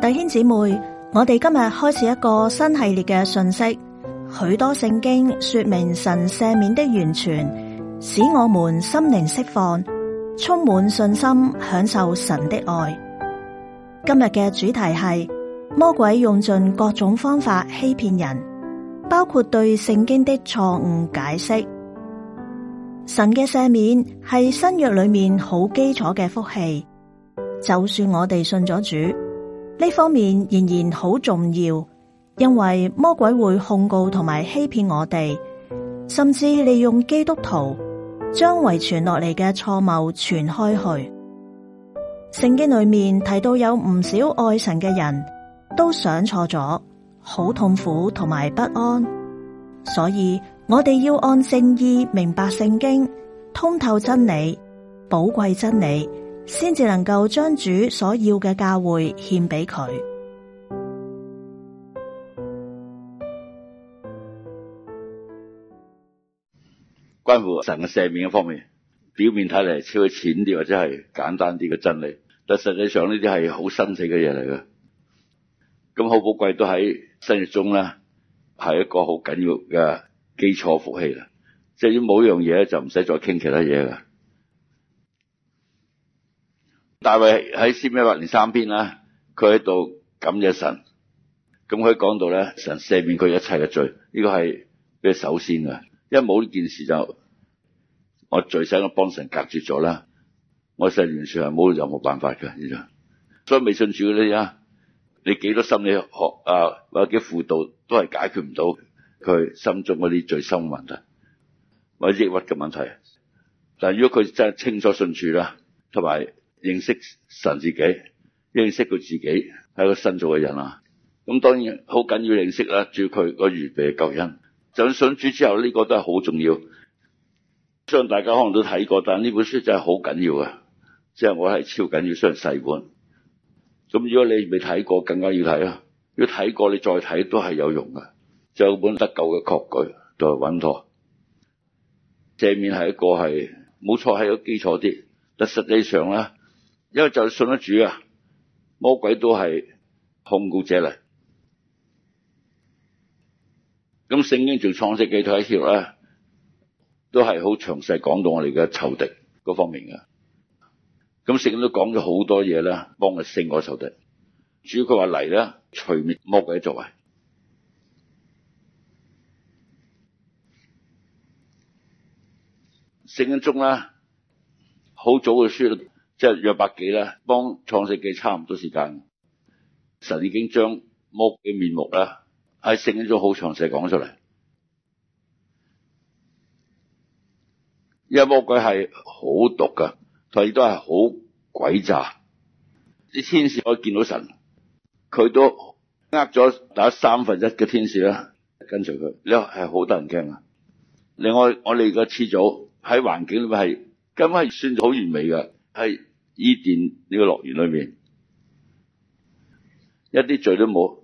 弟兄姊妹，我哋今日開始一個新系列嘅信息。許多聖經說明神赦免的完全，使我們心靈釋放，充滿信心，享受神的愛。今日嘅主題係魔鬼用盡各種方法欺騙人，包括對聖經的錯誤解釋。神嘅赦免係新約裏面好基礎嘅福氣，就算我哋信咗主。呢方面仍然好重要，因為魔鬼會控告同埋欺騙我哋，甚至利用基督徒將遺傳落嚟嘅錯謬傳開去。聖經裏面提到有唔少愛神嘅人都想錯咗，好痛苦同埋不安。所以我哋要按正意明白聖經，通透真理，寶貴真理。先至能夠將主所要嘅教會獻俾佢。關乎神嘅赦免嘅方面，表面睇嚟超乎淺啲或者係簡單啲嘅真理，但係實際上呢啲係好生死嘅嘢嚟嘅。咁好寶貴都喺生活中咧，係一個好緊要嘅基礎福氣啦。即係冇一樣嘢就唔使再傾其他嘢噶。大衛喺詩篇一百零三篇啦，佢喺度感謝神，咁佢講到咧，神赦免佢一切嘅罪，呢、這個係嘅首先因為冇呢件事就我罪使我幫神隔絕咗啦，我實完全係冇任何辦法嘅。呢樣。所以未信主嗰啲啊，你幾多心理學啊或者幾多輔導都係解決唔到佢心中嗰啲罪心嘅問題，或者，或者抑鬱嘅問題。但係如果佢真係清楚信主啦，同埋。認識神自己，認識佢自己係一個新造嘅人啊！咁當然好緊要認識啦，主佢個預備救恩。就信主之後呢、呢個都係好重要。相信大家可能都睇過，但呢本書真係好緊要啊！即係我係超緊要，雖然細本。咁如果你未睇過，更加要睇啊。如果睇過你再睇都係有用嘅。就有本得救嘅確據，都係穩妥。正面係一個係冇錯，係一個基礎啲，但實際上咧。因為就信得主啊，魔鬼都係控告者嚟。咁聖經做創世記睇起嚟咧，都係好詳細講到我哋嘅仇敵嗰方面嘅。咁聖經都講咗好多嘢啦，幫佢勝過仇敵。主要佢話嚟啦，除滅魔鬼作為、啊。聖經中啦，好早嘅書。即、就、係、是、約百幾啦，幫創世記差唔多時間。神已經將魔鬼嘅面目呢，喺聖經中好詳細講出嚟。因為魔鬼係好毒噶所以都係好鬼詐。啲天使可以見到神，佢都呃咗打三分一嘅天使啦，跟隨佢。呢個係好得人驚啊！另外我哋個始祖喺環境裏面係根本算好完美嘅，係。呢甸呢個樂園裏面，一啲罪都冇，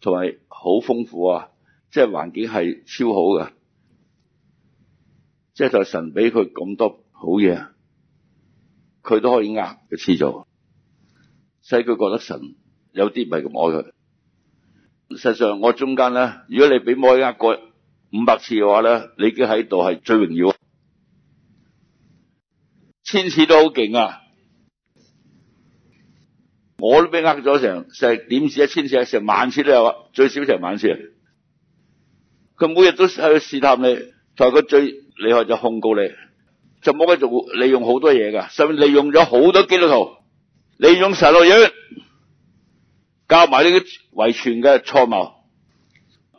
同埋好豐富啊！即係環境係超好嘅，即係就神俾佢咁多好嘢，佢都可以呃佢一次咋。所以佢覺得神有啲唔係咁愛佢。實際上，我中間咧，如果你俾我呃過五百次嘅話咧，你已經喺度係最榮耀，千次都好勁啊！我都俾呃咗成成點止，一千次，成萬次都有，最少成萬次。佢每日都喺度試探你，再係佢最厲害就控告你，就冇繼續利用好多嘢噶，甚至利用咗好多基督徒，利用神學院，教埋呢啲遺傳嘅錯謬。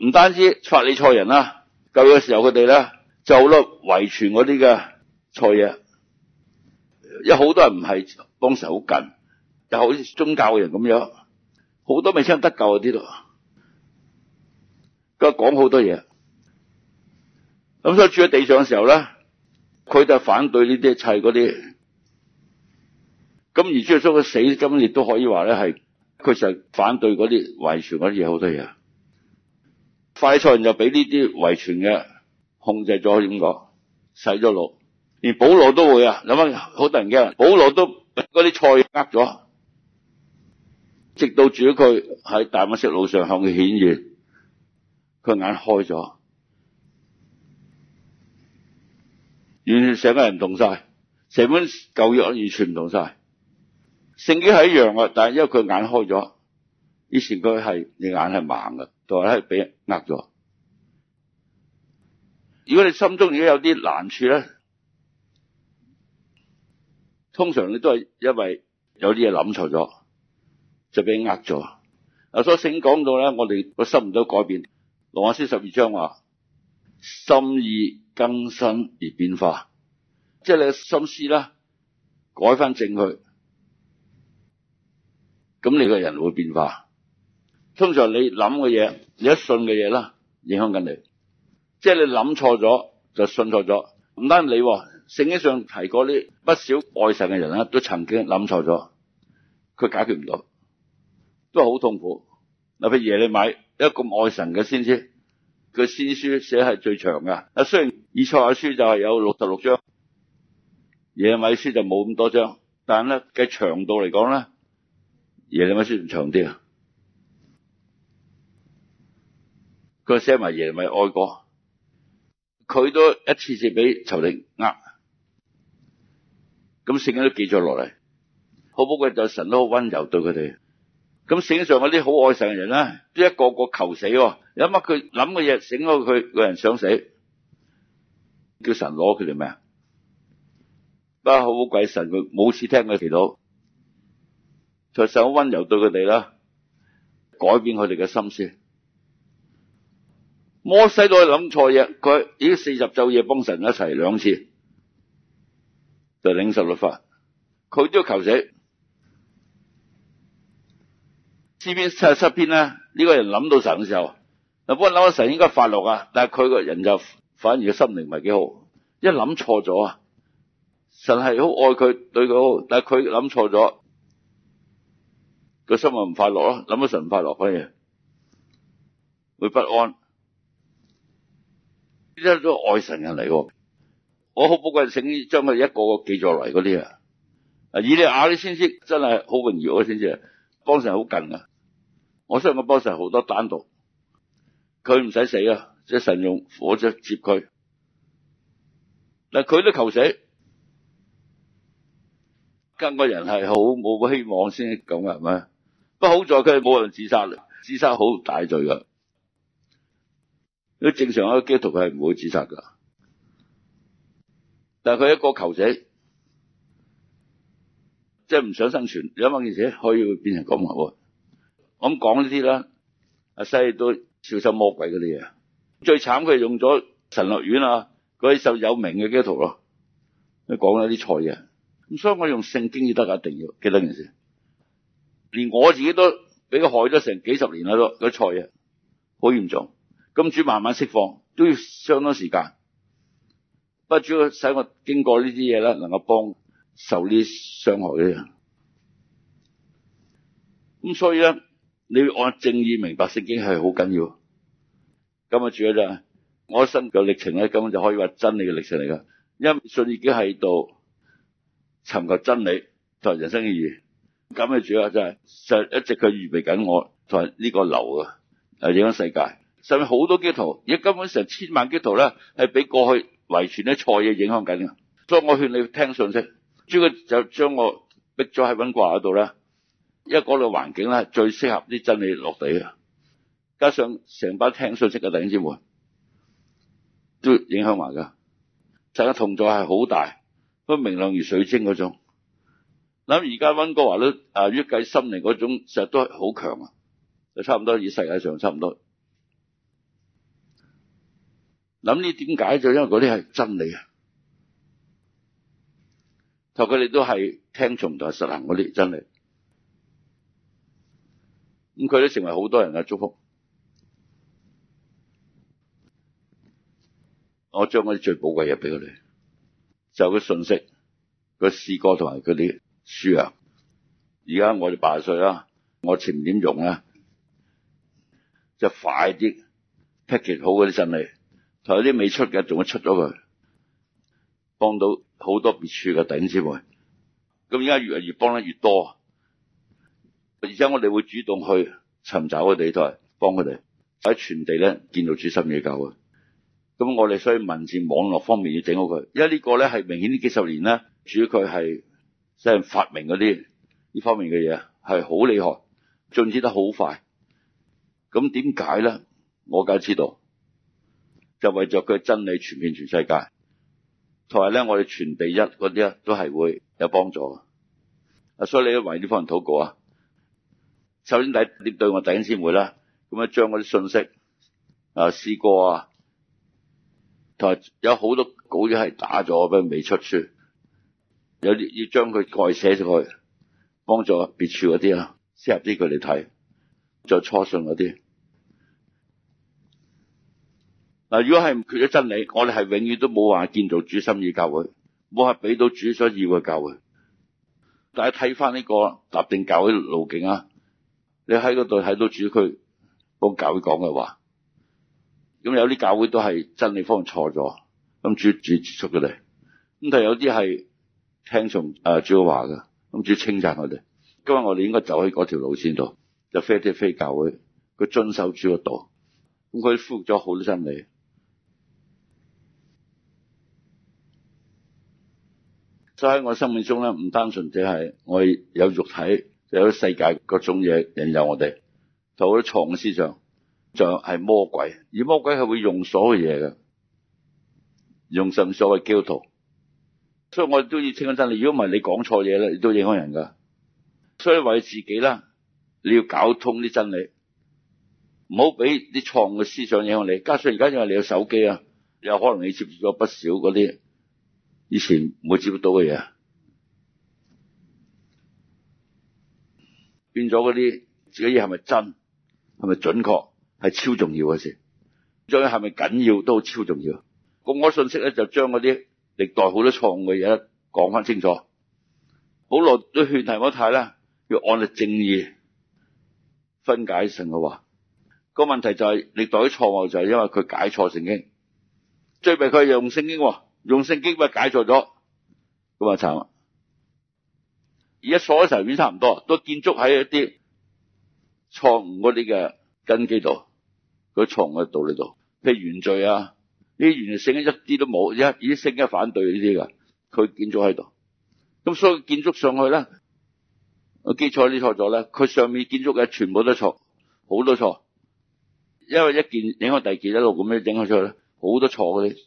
唔單止罰你錯人啦，舊嘅時候佢哋咧就攞遺傳嗰啲嘅錯嘢，有好多人唔係當時好近。就好似宗教嘅人咁樣，好多未聽得救嗰啲咯，佢講好多嘢。咁所以住喺地上嘅時候咧，佢就反對呢啲砌嗰啲。咁而主耶穌佢死，咁亦都可以話咧，係佢就反對嗰啲遺傳嗰啲嘢好多嘢。法利賽人就俾呢啲遺傳嘅控制咗，點講？洗咗腦而保羅都會啊，諗下好突然間，保羅都俾嗰啲菜呃咗。直到主佢喺大馬色路上向佢顯現，佢眼開咗，完全成個人唔同晒，成本舊約完全唔同晒，聖經係一樣嘅，但係因為佢眼開咗，以前佢係你眼係盲㗎，就係俾人呃咗。如果你心中如果有啲難處咧，通常你都係因為有啲嘢諗錯咗。就俾呃咗啊！所以聖講到咧，我哋個心唔到改變。羅馬書十二章話：心意更新而變化，即係你嘅心思啦，改翻正去，咁你個人會變化。通常你諗嘅嘢，你一信嘅嘢啦，影響緊你。即係你諗錯咗就信錯咗，唔單止你喎。聖經上提過啲不少愛神嘅人呢，都曾經諗錯咗，佢解決唔到。都好痛苦。嗱，譬如耶利米，一個愛神嘅先知，佢先書寫係最長㗎。啊，雖然以賽亞書就係有六十六章，耶利米書就冇咁多章，但係咧嘅長度嚟講咧，耶利米書長啲啊。佢寫埋耶利米哀歌，佢都一次次俾仇敵呃，咁聖經都記咗落嚟，好寶貴就神都好溫柔對佢哋。咁，聖經上嗰啲好愛神嘅人咧，都一個個求死，哦，有乜佢諗嘅嘢，醒咗佢個人想死，叫神攞佢哋命。不係好好鬼神，佢冇事聽佢祈禱，就係溫柔對佢哋啦，改變佢哋嘅心思。摩西都係諗錯嘢，佢已經四十晝夜幫神一齊兩次，就領受律法，佢都求死。七篇七十七篇呢，呢、這個人諗到神嘅時候，嗱，本身諗到神應該快樂啊，但係佢個人就反而個心靈唔係幾好，一諗錯咗啊！神係好愛佢，對佢好，但係佢諗錯咗，個心咪唔快樂咯？諗到神唔快樂，反而會不安。呢啲都愛神人嚟，我好寶貴性將佢一個個記在嚟嗰啲啊！啊，以利亞啲先知真係好榮耀喎，先知，當時好近啊！我相信波神好多單獨，佢唔使死啊，即係神用火車接佢。嗱，佢都求死，跟個人係好冇個希望先咁啊，係咪？不過好在佢冇人自殺啦，自殺好大罪噶。啲正常基督徒係唔會自殺噶，但係佢一個求死，即係唔想生存。有乜嘢事可以變成咁啊！咁講呢啲啦，啊，勢到接受魔鬼嗰啲嘢，最慘佢用咗神學院啊，嗰啲受有名嘅基督徒咯，都講咗啲錯嘢，咁所以我用聖經要得噶，一定要記得件事，連我自己都俾佢害咗成幾十年啦，個個錯嘢，好嚴重，咁主慢慢釋放，都要相當時間，不主使我經過呢啲嘢咧，能夠幫受呢啲傷害嘅人，咁所以咧。你要按正義明白聖經係好緊要，咁啊主要就係我身嘅歷程咧，根本就可以話真理嘅歷程嚟噶。因信已經喺度尋求真理，就係人生嘅意義。咁啊主要就係就一直佢預備緊我，就係呢個流啊，影響世界。上面好多基督徒，而家根本成千萬基督徒咧，係俾過去遺傳啲錯嘢影響緊。所以我勸你聽信息，將佢就將我逼咗喺溫哥華嗰度咧。因為嗰度環境咧最適合啲真理落地啊！加上成班聽信息嘅弟兄姊妹都影響埋噶，大家同在係好大，都明亮如水晶嗰種。諗而家溫哥華都啊，郁計心靈嗰種，其實都好強啊，差唔多以世界上差唔多。諗呢，點解就因為嗰啲係真理啊，同佢哋都係聽從同埋實行嗰啲真理。咁佢都成為好多人嘅祝福。我將嗰啲最寶貴嘢俾佢哋，就佢信息、佢詩歌同埋佢啲書啊。而家我哋八十歲啦，我前點用啊？就快啲 pack 好嗰啲真理，同啲未出嘅仲要出咗佢，幫到好多別處嘅弟兄姊妹。咁而家越嚟越幫得越多。而家我哋會主動去尋找個地台，幫佢哋喺全地咧建造主心嘅教會。咁我哋需要文字網絡方面要整好佢，因為呢個咧係明顯呢幾十年咧，主要佢係即係發明嗰啲呢方面嘅嘢係好厲害，進展得好快。咁點解咧？我梗係知道，就為著佢真理傳遍全世界，同埋咧，我哋傳遞一嗰啲啊，都係會有幫助啊。所以你要為呢方面禱告啊！首先睇對對我弟兄姊妹啦，咁樣將嗰啲信息啊，詩歌呀，啊，同埋、啊、有好多稿子係打咗，俾未出書，有啲要將佢蓋寫出去，幫助別處嗰啲啊，適合啲佢哋睇。再初信嗰啲嗱，如果係唔缺咗真理，我哋係永遠都冇話建造主心意教會，冇話俾到主所要嘅教會。但係睇翻呢個立定教會路徑啊。你喺嗰度睇到主區個教會講嘅話，咁有啲教會都係真理方面錯咗，咁主主接觸佢哋，咁但有啲係聽從誒、啊、主嘅話嘅，咁主稱讚佢哋。今日我哋應該走喺嗰條路線度，就飛啲飛教會，佢遵守主嘅道，咁佢呼咗好多真理。所以喺我生命中咧，唔單純淨係我有肉體。有啲世界各種嘢引誘我哋，同好啲錯嘅思想，就係魔鬼。而魔鬼係會用所有嘢嘅，用上所謂教徒。所以我哋都要清真，真理。如果唔係你講錯嘢咧，你都影響人噶。所以為自己啦，你要搞通啲真理，唔好俾啲錯嘅思想影響你。加上而家因為你有手機啊，有可能你接觸咗不少嗰啲以前冇接觸到嘅嘢。變咗嗰啲自己嘢係咪真，係咪準確，係超重要嘅事。將係咪緊要都超重要。個我信息咧就將嗰啲歷代好多錯誤嘅嘢講翻清楚。保羅都勸提摩太咧，要按着正意分解聖經嘅話，那個問題就係、是、歷代嘅錯誤就係因為佢解錯聖經。最弊佢用聖經，用聖經咪解錯咗咁啊慘。而家所嘅神院差唔多，都建築喺一啲錯誤嗰啲嘅根基度，佢錯嘅道理度，譬如原罪啊，呢啲原罪聖經一一啲都冇，而家已經聖經反對呢啲噶，佢建築喺度，咁所以建築上去咧，基礎這個基礎啲錯咗咧，佢上面建築嘅全部都錯，好多錯，因為一件影響第二件一路咁樣整咗出去咧，好多錯嘅，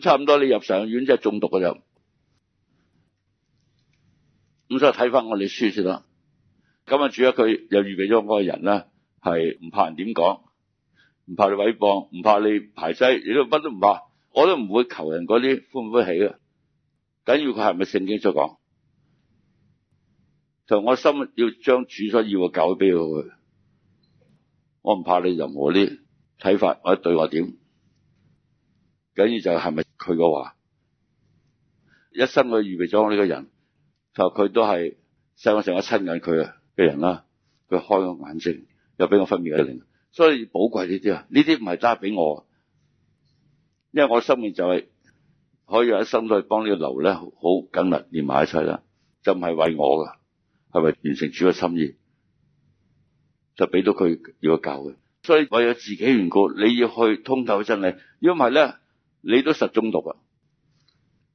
差唔多你入神院即係中毒嘅就。咁所以睇翻我哋書先啦。咁啊，主要佢又預備咗我個人咧，係唔怕人點講，唔怕你毀謗，唔怕你排擠，你都乜都唔怕，我都唔會求人嗰啲歡唔歡喜嘅，緊要佢係咪聖經所講？就我心要將主所要嘅教俾佢，我唔怕你任何啲睇法或者對話點，緊要就係咪佢嘅話？一生我預備咗我呢個人。就佢都係使我成日親近佢嘅人啦，佢開個眼睛又俾我分別嘅靈，所以寶貴呢啲啊，呢啲唔係單係俾我，因為我生命就係可以喺心度幫呢個流咧好緊密連埋一齊啦，就唔係為我噶，係咪完成主嘅心意？就俾到佢要個教嘅，所以為咗自己緣故，你要去通透真理，如果唔係咧，你都實中毒啊！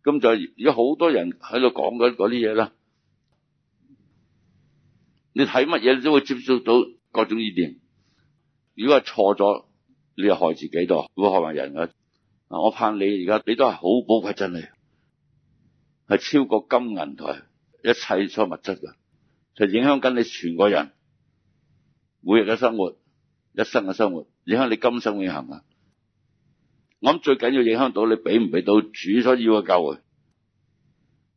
咁就而家好多人喺度講嗰啲嘢啦。你睇乜嘢都會接觸到各種意見。如果係錯咗，你又害自己度，會害埋人噶。我怕你而家你都係好寶貴真理，係超過金銀台一切所物質嘅，就影響緊你全個人每日嘅生活，一生嘅生活，影響你今生嘅行啊！我諗最緊要影響到你俾唔俾到主所要嘅救啊！